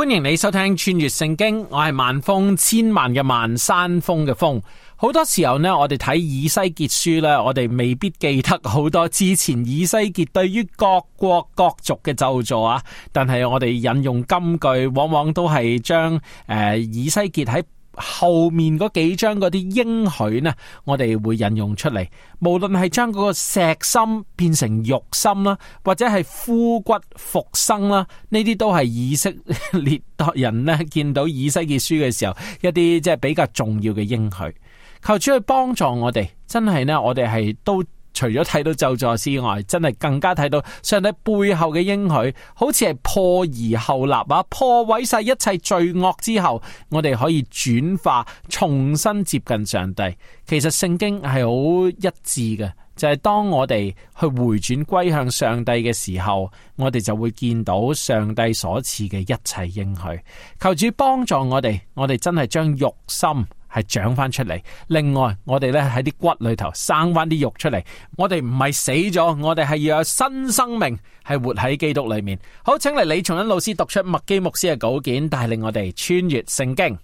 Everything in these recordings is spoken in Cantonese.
歡迎你收聽穿越聖經，我係萬峰，千萬嘅萬山峰嘅峰。好多時候呢，我哋睇以西結書呢，我哋未必記得好多之前以西結對於各國各族嘅咒詛啊。但係我哋引用金句，往往都係將誒、呃、以西結喺。後面嗰幾章嗰啲應許呢，我哋會引用出嚟。無論係將嗰個石心變成肉心啦，或者係枯骨復生啦，呢啲都係以色列人呢見到以西結書嘅時候一啲即係比較重要嘅應許。求主去幫助我哋，真係呢，我哋係都。除咗睇到救主之外，真係更加睇到上帝背後嘅應許，好似係破而後立啊！破毀晒一切罪惡之後，我哋可以轉化，重新接近上帝。其實聖經係好一致嘅。就係當我哋去回轉歸向上帝嘅時候，我哋就會見到上帝所賜嘅一切應許。求主幫助我哋，我哋真係將肉心係長翻出嚟。另外，我哋咧喺啲骨裏頭生翻啲肉出嚟。我哋唔係死咗，我哋係要有新生命，係活喺基督裏面。好，請嚟李松恩老師讀出麥基牧師嘅稿件，帶領我哋穿越聖經。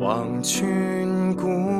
橫穿古。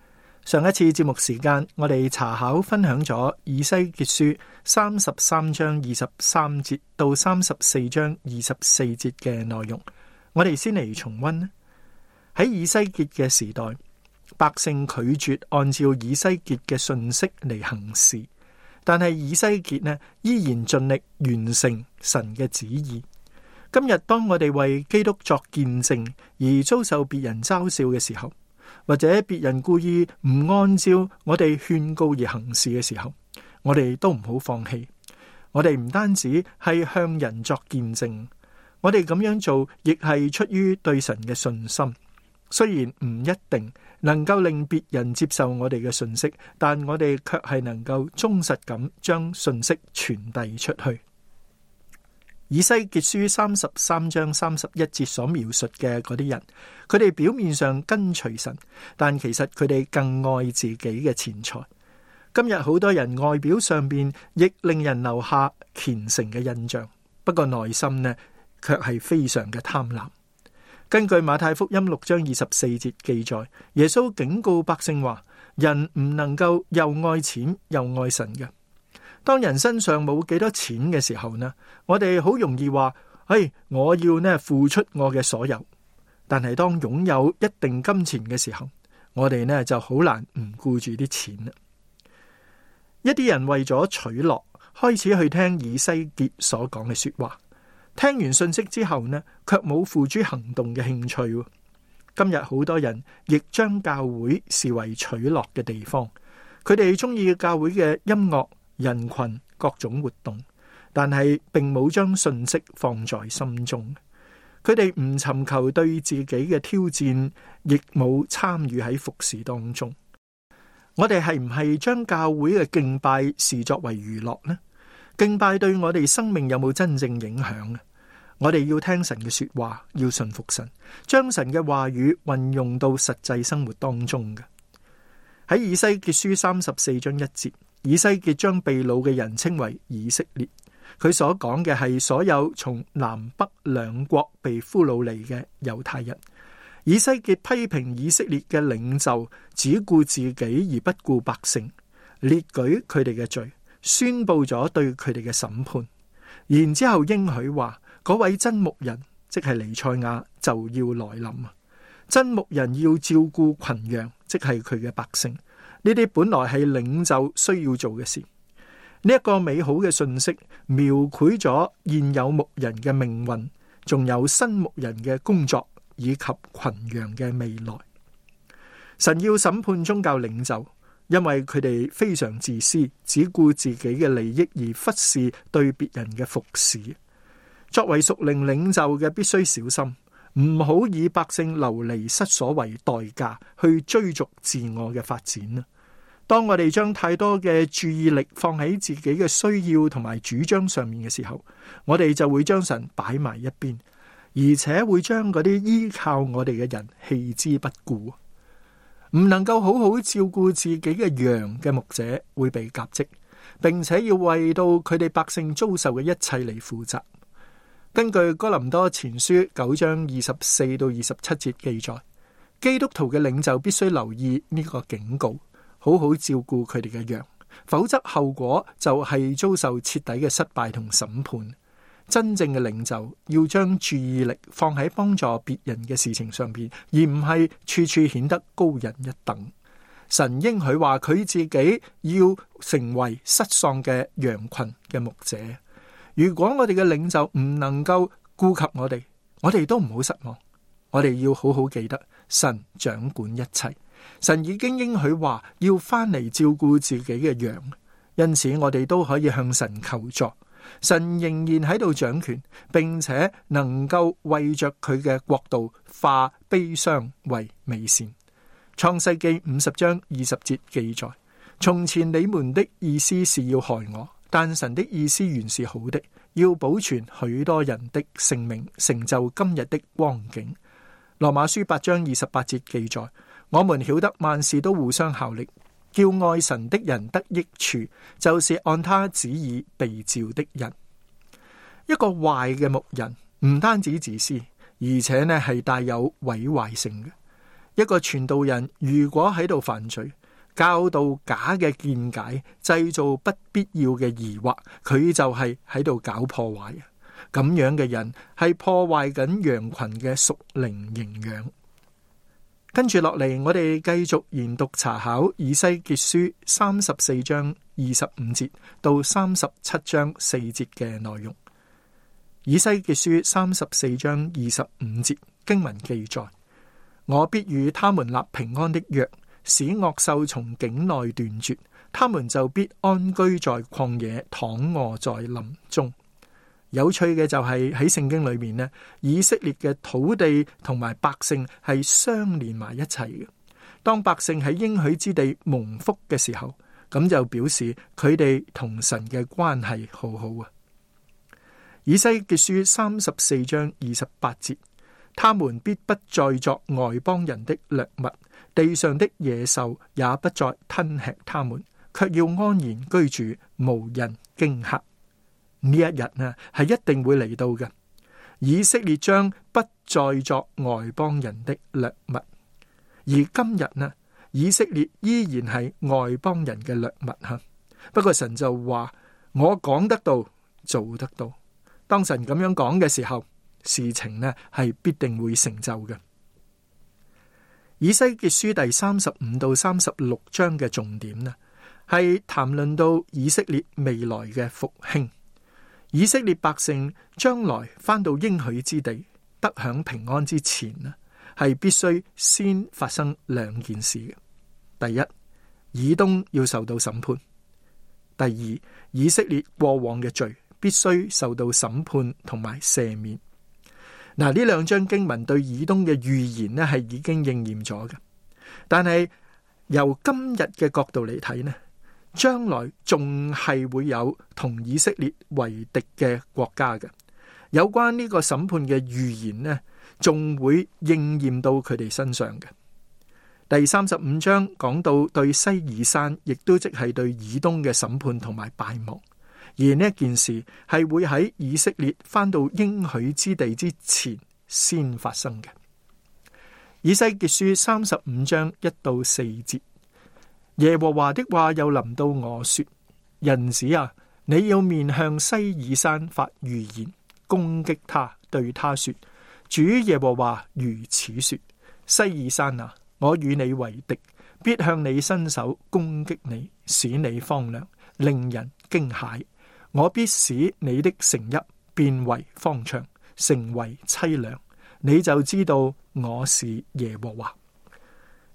上一次節目時間，我哋查考分享咗以西結書三十三章二十三節到三十四章二十四節嘅內容。我哋先嚟重溫。喺以西結嘅時代，百姓拒絕按照以西結嘅信息嚟行事，但係以西結呢依然盡力完成神嘅旨意。今日當我哋為基督作見證而遭受別人嘲笑嘅時候，或者別人故意唔按照我哋勸告而行事嘅時候，我哋都唔好放棄。我哋唔單止係向人作見證，我哋咁樣做亦係出於對神嘅信心。雖然唔一定能夠令別人接受我哋嘅信息，但我哋卻係能夠忠實咁將信息傳遞出去。以西結書三十三章三十一節所描述嘅嗰啲人，佢哋表面上跟隨神，但其實佢哋更愛自己嘅錢財。今日好多人外表上面亦令人留下虔誠嘅印象，不過內心呢，卻係非常嘅貪婪。根據馬太福音六章二十四節記載，耶穌警告百姓話：人唔能夠又愛錢又愛神嘅。當人身上冇幾多錢嘅時候呢，我哋好容易話，哎，我要呢付出我嘅所有。但係當擁有一定金錢嘅時候，我哋呢就好難唔顧住啲錢啦。一啲人為咗取樂，開始去聽以西結所講嘅說話。聽完信息之後呢，卻冇付諸行動嘅興趣。今日好多人亦將教會視為取樂嘅地方，佢哋中意教會嘅音樂。人群各種活動，但係並冇將信息放在心中。佢哋唔尋求對自己嘅挑戰，亦冇參與喺服侍當中。我哋係唔係將教會嘅敬拜視作為娛樂呢？敬拜對我哋生命有冇真正影響啊？我哋要聽神嘅說話，要信服神，將神嘅話語運用到實際生活當中嘅。喺以西結書三十四章一節。以西結將被擄嘅人稱為以色列，佢所講嘅係所有從南北兩國被俘虜嚟嘅猶太人。以西結批評以色列嘅領袖只顧自己而不顧百姓，列舉佢哋嘅罪，宣佈咗對佢哋嘅審判。然之後應許話，嗰位真牧人，即係尼賽亞，就要來臨。真牧人要照顧群羊，即係佢嘅百姓。呢啲本來係領袖需要做嘅事，呢、這、一個美好嘅信息描繪咗現有牧人嘅命運，仲有新牧人嘅工作以及群羊嘅未來。神要審判宗教領袖，因為佢哋非常自私，只顧自己嘅利益而忽視對別人嘅服侍。作為屬靈領袖嘅，必須小心，唔好以百姓流離失所為代價去追逐自我嘅發展。當我哋將太多嘅注意力放喺自己嘅需要同埋主張上面嘅時候，我哋就會將神擺埋一邊，而且會將嗰啲依靠我哋嘅人棄之不顧。唔能夠好好照顧自己嘅羊嘅牧者會被革職，並且要為到佢哋百姓遭受嘅一切嚟負責。根據哥林多前書九章二十四到二十七節記載，基督徒嘅領袖必須留意呢個警告。好好照顧佢哋嘅羊，否則後果就係遭受徹底嘅失敗同審判。真正嘅領袖要將注意力放喺幫助別人嘅事情上邊，而唔係處處顯得高人一等。神應許話佢自己要成為失喪嘅羊群嘅牧者。如果我哋嘅領袖唔能夠顧及我哋，我哋都唔好失望。我哋要好好記得，神掌管一切。神已經應許話要翻嚟照顧自己嘅羊，因此我哋都可以向神求助。神仍然喺度掌權，並且能夠為着佢嘅國度化悲傷為美善。創世記五十章二十節記載：從前你們的意思是要害我，但神的意思原是好的，要保存許多人的性命，成就今日的光景。羅馬書八章二十八節記載。我們曉得萬事都互相效力，叫愛神的人得益處，就是按他旨意被召的人。一個壞嘅牧人唔單止自私，而且呢係帶有毀壞性嘅。一個傳道人如果喺度犯罪，教導假嘅見解，製造不必要嘅疑惑，佢就係喺度搞破壞啊！咁樣嘅人係破壞緊羊群嘅屬靈營養。跟住落嚟，我哋繼續研讀查考以西結書三十四章二十五節到三十七章四節嘅內容。以西結書三十四章二十五節經文記載：我必與他們立平安的約，使惡獸從境內斷絕，他們就必安居在曠野，躺臥在林中。有趣嘅就係、是、喺聖經裏面呢，以色列嘅土地同埋百姓係相連埋一齊嘅。當百姓喺應許之地蒙福嘅時候，咁就表示佢哋同神嘅關係好好啊。以西結書三十四章二十八節，他們必不再作外邦人的掠物，地上的野獸也不再吞吃他們，卻要安然居住，無人驚嚇。呢一日呢係一定會嚟到嘅。以色列將不再作外邦人的掠物，而今日呢，以色列依然係外邦人嘅掠物吓。不過神就話我講得到，做得到。當神咁樣講嘅時候，事情呢係必定會成就嘅。以西結書第三十五到三十六章嘅重點呢，係談論到以色列未來嘅復興。以色列百姓將來返到應許之地得享平安之前呢，係必須先發生兩件事嘅。第一，以東要受到審判；第二，以色列過往嘅罪必須受到審判同埋赦免。嗱，呢兩章經文對以東嘅預言呢，係已經應驗咗嘅。但係由今日嘅角度嚟睇呢？將來仲係會有同以色列為敵嘅國家嘅，有關呢個審判嘅預言呢，仲會應驗到佢哋身上嘅。第三十五章講到對西爾山，亦都即係對以東嘅審判同埋敗亡，而呢件事係會喺以色列翻到應許之地之前先發生嘅。以西結書三十五章一到四節。耶和華的話又臨到我說：人子啊，你要面向西爾山發預言，攻擊他，對他說：主耶和華如此說：西爾山啊，我與你為敵，必向你伸手攻擊你，使你荒涼，令人驚駭。我必使你的城邑變為荒場，成為淒涼。你就知道我是耶和華。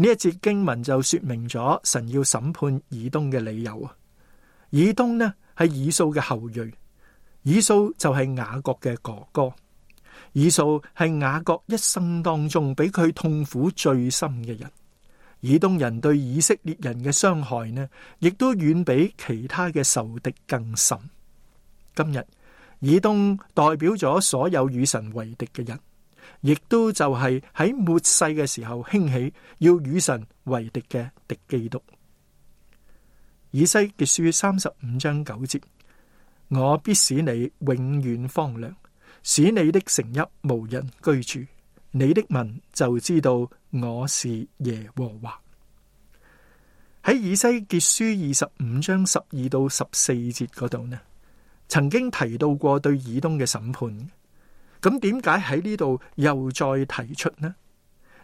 呢一節經文就說明咗神要審判以東嘅理由啊！以東呢係以掃嘅後裔，以掃就係雅各嘅哥哥，以掃係雅各一生當中俾佢痛苦最深嘅人。以東人對以色列人嘅傷害呢，亦都遠比其他嘅仇敵更深。今日以東代表咗所有與神為敵嘅人。亦都就係喺末世嘅時候興起，要與神為敵嘅敵基督。以西結書三十五章九節：我必使你永遠荒涼，使你的城邑無人居住，你的民就知道我是耶和華。喺以西結書二十五章十二到十四節嗰度呢，曾經提到過對以東嘅審判。咁點解喺呢度又再提出呢？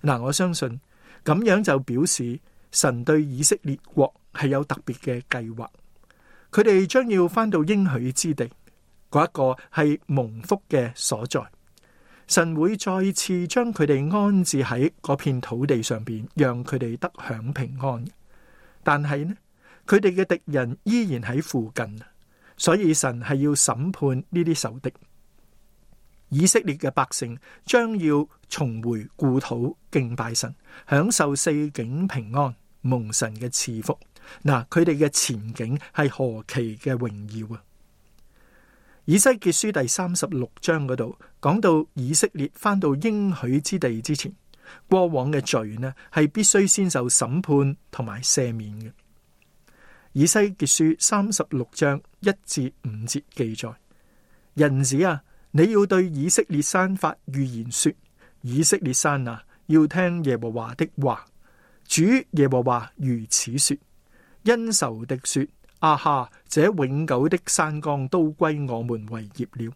嗱，我相信咁樣就表示神對以色列國係有特別嘅計劃，佢哋將要翻到應許之地，嗰一個係蒙福嘅所在。神會再次將佢哋安置喺嗰片土地上面，讓佢哋得享平安。但係呢，佢哋嘅敵人依然喺附近，所以神係要審判呢啲仇敵。以色列嘅百姓將要重回故土敬拜神，享受四境平安蒙神嘅賜福。嗱，佢哋嘅前景係何其嘅榮耀啊！以西結書第三十六章嗰度講到以色列翻到應許之地之前，過往嘅罪呢係必須先受審判同埋赦免嘅。以西結書三十六章一至五節記載，人子啊！你要對以色列山發預言說：以色列山啊，要聽耶和華的話。主耶和華如此說：因仇敵說啊哈，這永久的山岡都歸我們為業了，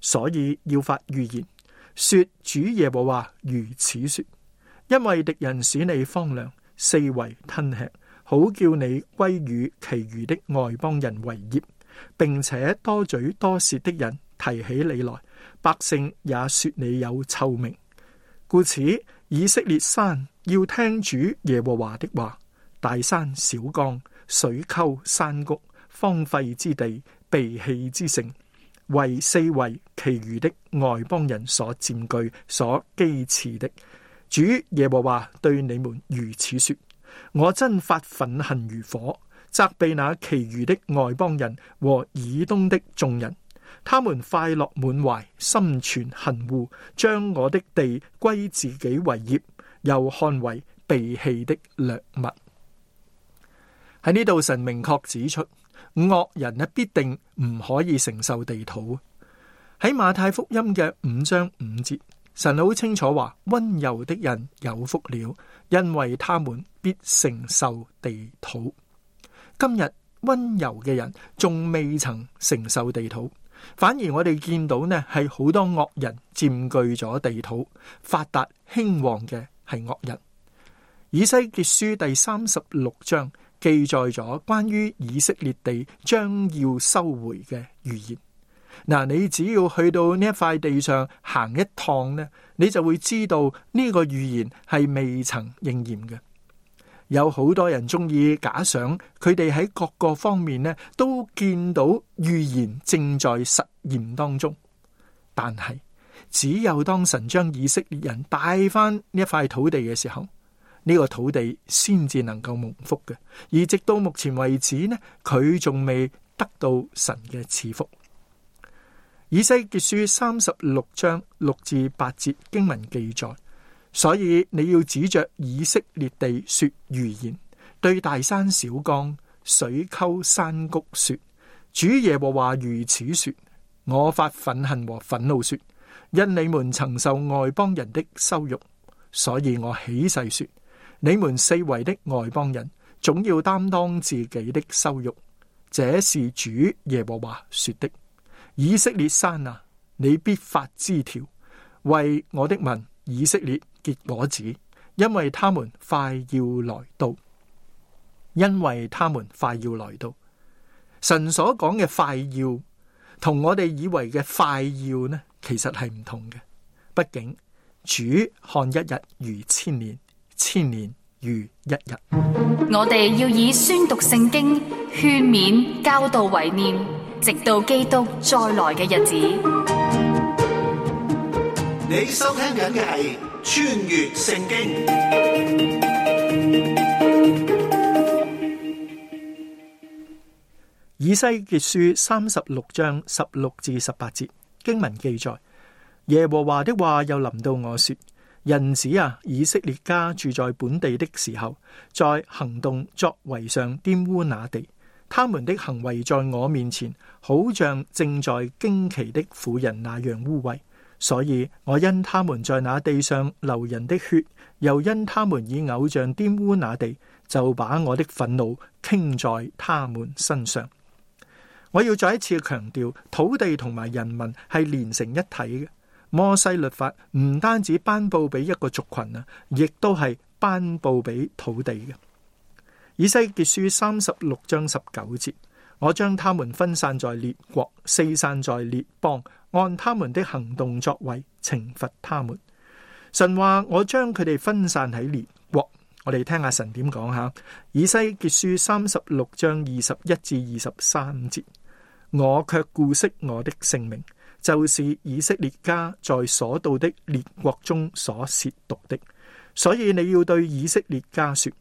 所以要發預言說：主耶和華如此說，因為敵人使你荒涼，四圍吞吃，好叫你歸與其餘的外邦人為業，並且多嘴多舌的人。提起你來，百姓也說你有臭名，故此以色列山要聽主耶和華的話。大山、小岡、水溝、山谷、荒廢之地、被棄之城，為四圍其餘的外邦人所佔據、所譏刺的。主耶和華對你們如此說：我真發憤恨如火，責備那其餘的外邦人和以東的眾人。他們快樂滿懷，心存恨惡，將我的地歸自己為業，又看為被棄的掠物。喺呢度，神明確指出惡人呢必定唔可以承受地土。喺馬太福音嘅五章五節，神好清楚話温柔的人有福了，因為他們必承受地土。今日温柔嘅人仲未曾承受地土。反而我哋見到呢係好多惡人佔據咗地土，發達興旺嘅係惡人。以西結書第三十六章記載咗關於以色列地將要收回嘅預言。嗱，你只要去到呢一塊地上行一趟呢，你就會知道呢個預言係未曾應驗嘅。有好多人中意假想，佢哋喺各個方面咧都見到預言正在實驗當中，但係只有當神將以色列人帶翻呢一塊土地嘅時候，呢、這個土地先至能夠蒙福嘅。而直到目前為止呢，佢仲未得到神嘅賜福。以西結書三十六章六至八節經文記載。所以你要指着以色列地說預言，對大山、小岡、水溝、山谷說：主耶和華如此說，我發憤恨和憤怒說，因你們曾受外邦人的羞辱，所以我起誓說，你們四圍的外邦人總要擔當自己的羞辱。這是主耶和華說的。以色列山啊，你必發枝條，為我的民以色列。結果子，因為他們快要來到，因為他們快要來到。神所講嘅快要，同我哋以為嘅快要呢，其實係唔同嘅。畢竟主看一日如千年，千年如一日。我哋要以宣讀聖經、勸勉、教導為念，直到基督再來嘅日子。你收聽緊嘅係。穿越聖經，以西結書三十六章十六至十八節經文記載：耶和華的話又臨到我說，人子啊，以色列家住在本地的時候，在行動作為上玷污那地，他們的行為在我面前，好像正在經期的婦人那樣污穢。所以我因他們在那地上流人的血，又因他們以偶像玷污那地，就把我的憤怒傾在他們身上。我要再一次強調，土地同埋人民係連成一體嘅。摩西律法唔單止頒布俾一個族群啊，亦都係頒布俾土地嘅。以西結書三十六章十九節。我將他們分散在列國，四散在列邦，按他們的行動作為懲罰他們。神話我將佢哋分散喺列國，我哋聽阿神點講吓。以西結書三十六章二十一至二十三節，我卻顧惜我的聖名，就是以色列家在所到的列國中所褻瀆的。所以你要對以色列家說：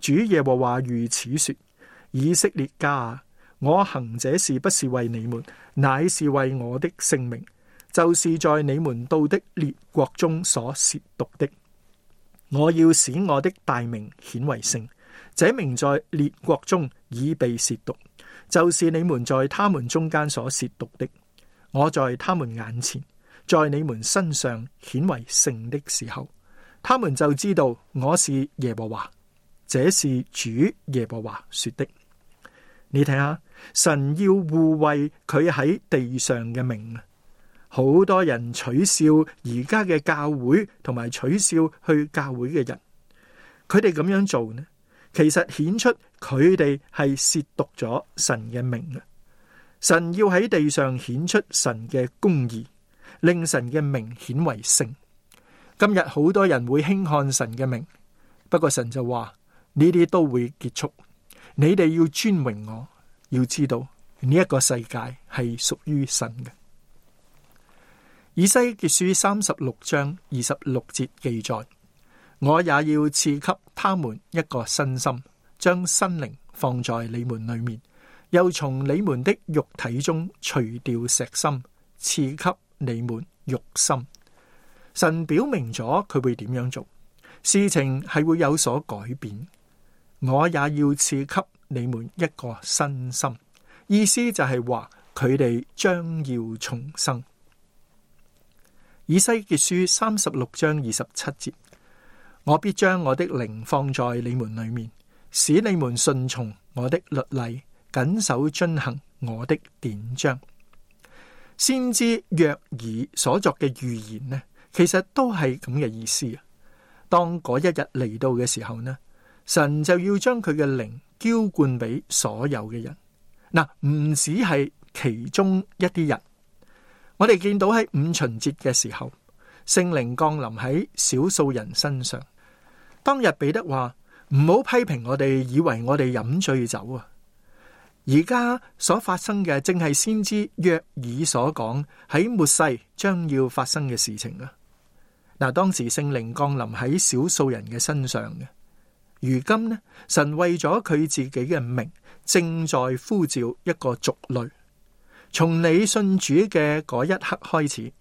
主耶和華如此說，以色列家我行這事不是為你們，乃是為我的聖名，就是在你們到的列國中所褻瀆的。我要使我的大名顯為聖，這名在列國中已被褻瀆，就是你們在他們中間所褻瀆的。我在他們眼前，在你們身上顯為聖的時候，他們就知道我是耶和華。這是主耶和華說的。你睇下，神要護衛佢喺地上嘅名啊！好多人取笑而家嘅教會，同埋取笑去教會嘅人，佢哋咁樣做呢，其實顯出佢哋係褻瀆咗神嘅名啊！神要喺地上顯出神嘅公義，令神嘅名顯為聖。今日好多人會輕看神嘅名，不過神就話，呢啲都會結束。你哋要尊榮我，要知道呢一個世界係屬於神嘅。以西結書三十六章二十六節記載：我也要賜給他們一個新心，將新靈放在你們裏面，又從你們的肉體中除掉石心，賜給你們肉心。神表明咗佢會點樣做，事情係會有所改變。我也要賜給你們一個新心，意思就係話佢哋將要重生。以西結書三十六章二十七節，我必將我的靈放在你們裏面，使你們順從我的律例，謹守遵行我的典章。先知約珥所作嘅預言呢，其實都係咁嘅意思。當嗰一日嚟到嘅時候呢，神就要將佢嘅靈澆灌俾所有嘅人，嗱，唔止係其中一啲人。我哋見到喺五旬節嘅時候，聖靈降臨喺少數人身上。當日彼得話：唔好批評我哋，以為我哋飲醉酒啊！而家所發生嘅，正係先知約珥所講喺末世將要發生嘅事情啊！嗱，當時聖靈降臨喺少數人嘅身上嘅。如今呢，神為咗佢自己嘅名，正在呼召一個族類。從你信主嘅嗰一刻開始，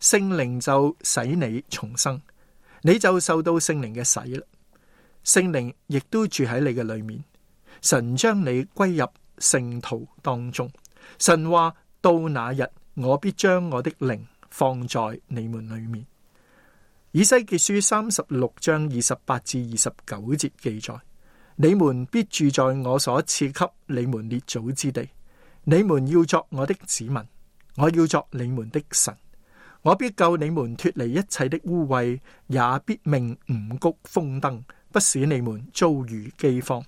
聖靈就使你重生，你就受到聖靈嘅洗啦。聖靈亦都住喺你嘅裏面，神將你歸入聖徒當中。神話到那日，我必將我的靈放在你們裏面。以西結書三十六章二十八至二十九節記載：你們必住在我所賜給你們列祖之地，你們要作我的子民，我要作你們的神。我必救你們脱離一切的污穢，也必命五穀豐登，不使你們遭遇饑荒。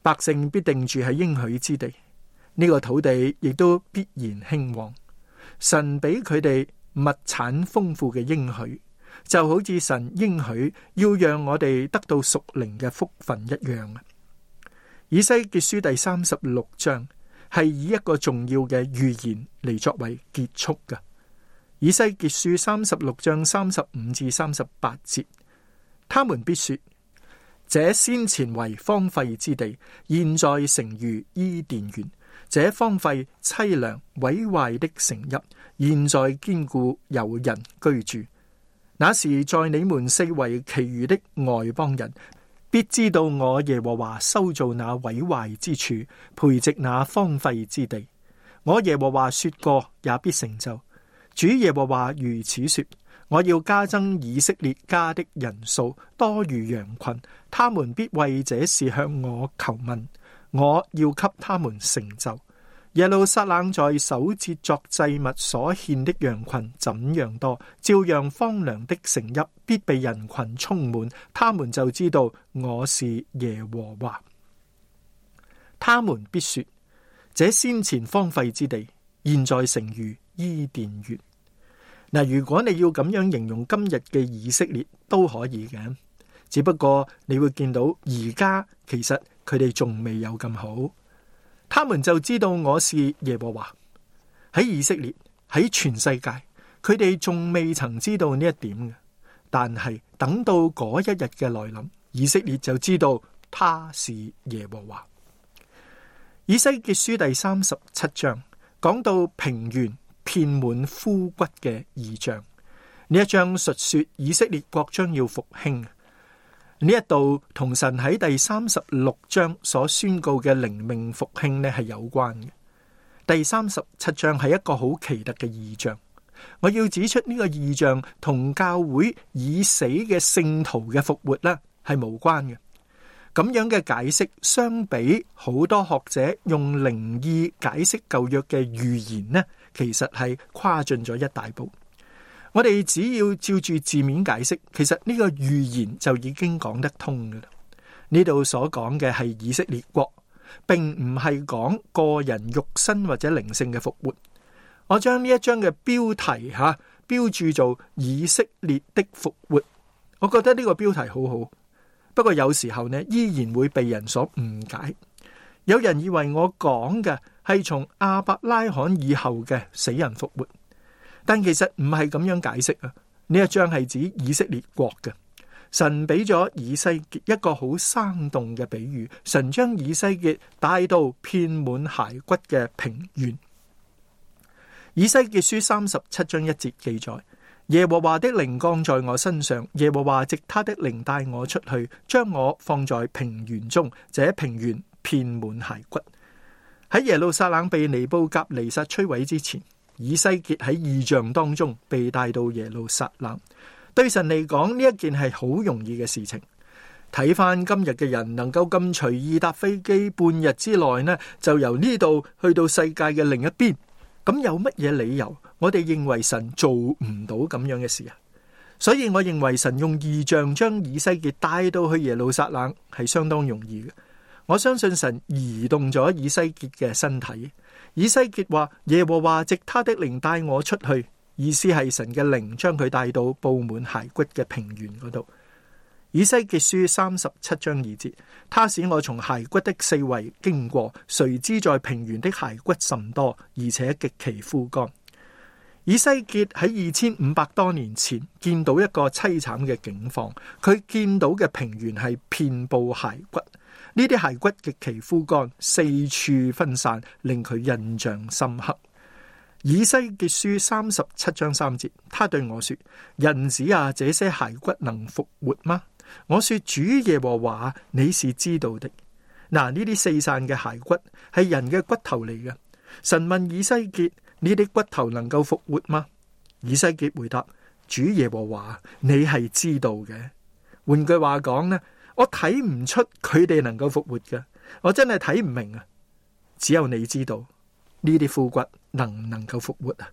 百姓必定住喺應許之地，呢個土地亦都必然興旺。神俾佢哋物產豐富嘅應許。就好似神應許要讓我哋得到屬靈嘅福分一樣啊。以西結書第三十六章係以一個重要嘅預言嚟作為結束㗎。以西結書三十六章三十五至三十八節，他們必說：這先前為荒廢之地，現在成如伊甸園；這荒廢、淒涼、毀壞的城邑，現在堅固，有人居住。那時，在你們四圍其餘的外邦人必知道我耶和華修造那毀壞之處，培植那荒廢之地。我耶和華說過，也必成就。主耶和華如此說：我要加增以色列家的人數，多如羊群。他們必為這事向我求問，我要給他們成就。耶路撒冷在守節作祭物所獻的羊群怎樣多，照樣荒涼的城邑必被人群充滿。他們就知道我是耶和華。他們必說：這先前荒廢之地，現在成如伊甸園。嗱，如果你要咁樣形容今日嘅以色列，都可以嘅。只不過你會見到而家其實佢哋仲未有咁好。他們就知道我是耶和華。喺以色列，喺全世界，佢哋仲未曾知道呢一點嘅。但係等到嗰一日嘅來臨，以色列就知道他是耶和華。以西結書第三十七章講到平原遍滿枯骨嘅異象。呢一章述說以色列國將要復興。呢一度同神喺第三十六章所宣告嘅靈命復興呢係有關嘅。第三十七章係一個好奇特嘅異象，我要指出呢個異象同教會以死嘅聖徒嘅復活呢係無關嘅。咁樣嘅解釋，相比好多學者用靈意解釋舊約嘅預言呢，其實係跨進咗一大步。我哋只要照住字面解釋，其實呢個預言就已經講得通噶啦。呢度所講嘅係以色列國，並唔係講個人肉身或者靈性嘅復活。我將呢一章嘅標題吓、啊、標注做以色列的復活，我覺得呢個標題好好。不過有時候呢，依然會被人所誤解。有人以為我講嘅係從亞伯拉罕以後嘅死人復活。但其實唔係咁樣解釋啊！呢一章係指以色列國嘅。神俾咗以西結一個好生動嘅比喻，神將以西結帶到遍滿骸骨嘅平原。以西結書三十七章一節記載：耶和華的靈降在我身上，耶和華藉他的靈帶我出去，將我放在平原中，這平原遍滿骸骨。喺耶路撒冷被尼布甲尼撒摧毀之前。以西結喺異象當中被帶到耶路撒冷，對神嚟講呢一件係好容易嘅事情。睇翻，今日嘅人能夠咁隨意搭飛機，半日之內呢就由呢度去到世界嘅另一邊，咁有乜嘢理由？我哋認為神做唔到咁樣嘅事啊！所以我認為神用異象將以西結帶到去耶路撒冷係相當容易嘅。我相信神移動咗以西結嘅身體。以西結話：耶和華藉他的靈帶我出去，意思係神嘅靈將佢帶到布滿骸骨嘅平原嗰度。以西結書三十七章二節，他使我從骸骨的四圍經過，誰知在平原的骸骨甚多，而且極其枯，枯乾。以西結喺二千五百多年前見到一個淒慘嘅境況，佢見到嘅平原係遍布骸骨。呢啲骸骨極其枯乾，四處分散，令佢印象深刻。以西結書三十七章三節，他對我說：人子啊，這些骸骨能復活嗎？我說：主耶和華，你是知道的。嗱，呢啲四散嘅骸骨係人嘅骨頭嚟嘅。神問以西結：呢啲骨頭能夠復活嗎？以西結回答：主耶和華，你係知道嘅。換句話講呢？我睇唔出佢哋能夠復活㗎，我真係睇唔明啊！只有你知道呢啲枯骨能唔能夠復活啊？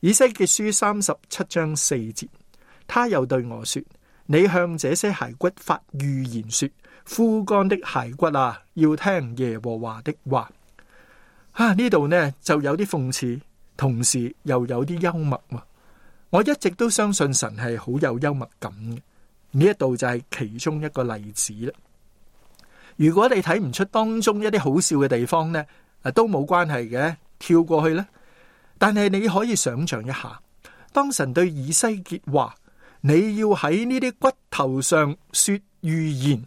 以西結書三十七章四節，他又對我說：你向這些骸骨發預言說，說枯乾的骸骨啊，要聽耶和華的話。啊！呢度呢就有啲諷刺，同時又有啲幽默啊。我一直都相信神係好有幽默感嘅。呢一度就係其中一個例子啦。如果你睇唔出當中一啲好笑嘅地方呢啊，都冇關係嘅，跳過去呢，但係你可以想象一下，當神對以西結話你要喺呢啲骨頭上說預言，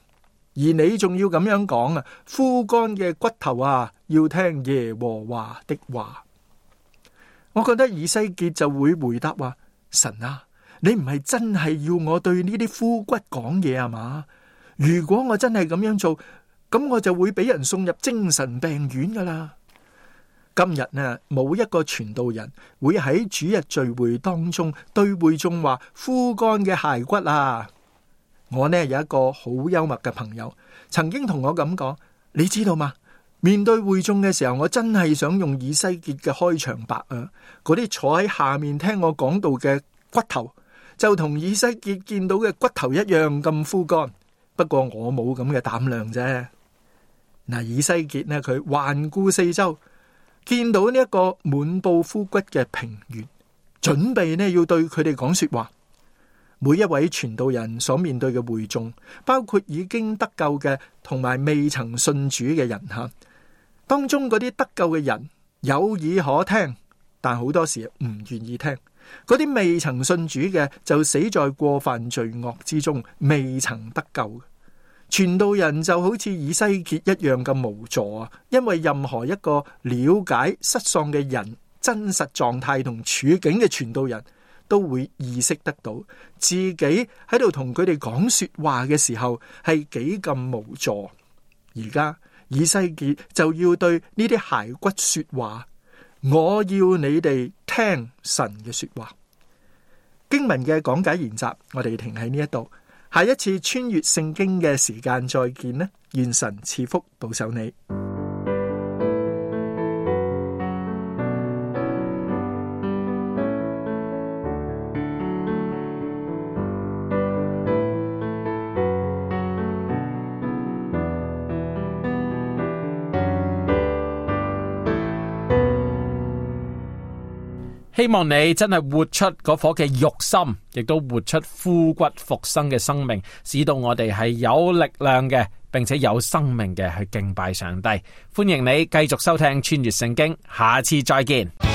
而你仲要咁樣講啊，枯乾嘅骨頭啊，要聽耶和華的話。我覺得以西結就會回答話：神啊！你唔係真係要我對呢啲枯骨講嘢啊嘛？如果我真係咁樣做，咁我就會俾人送入精神病院噶啦。今日呢，冇一個傳道人會喺主日聚會當中對會眾話，枯乾嘅骸骨啊！我呢有一個好幽默嘅朋友，曾經同我咁講，你知道嗎？面對會眾嘅時候，我真係想用以西結嘅開場白啊！嗰啲坐喺下面聽我講道嘅骨頭，就同以西結見到嘅骨頭一樣咁枯乾，不過我冇咁嘅膽量啫。嗱，以西結呢，佢環顧四周，見到呢一個滿佈枯骨嘅平原，準備呢要對佢哋講說話。每一位傳道人所面對嘅會眾，包括已經得救嘅同埋未曾信主嘅人哈，當中嗰啲得救嘅人有耳可聽，但好多時唔願意聽。嗰啲未曾信主嘅就死在過犯罪惡之中，未曾得救嘅傳道人就好似以西結一樣咁無助啊！因為任何一個了解失喪嘅人真實狀態同處境嘅傳道人都會意識得到，自己喺度同佢哋講說話嘅時候係幾咁無助。而家以西結就要對呢啲骸骨說話。我要你哋聽神嘅說話，經文嘅講解研習，我哋停喺呢一度，下一次穿越聖經嘅時間再見咧，願神賜福保守你。希望你真係活出嗰顆嘅肉心，亦都活出枯骨復生嘅生命，使到我哋係有力量嘅，並且有生命嘅去敬拜上帝。歡迎你繼續收聽《穿越聖經》，下次再見。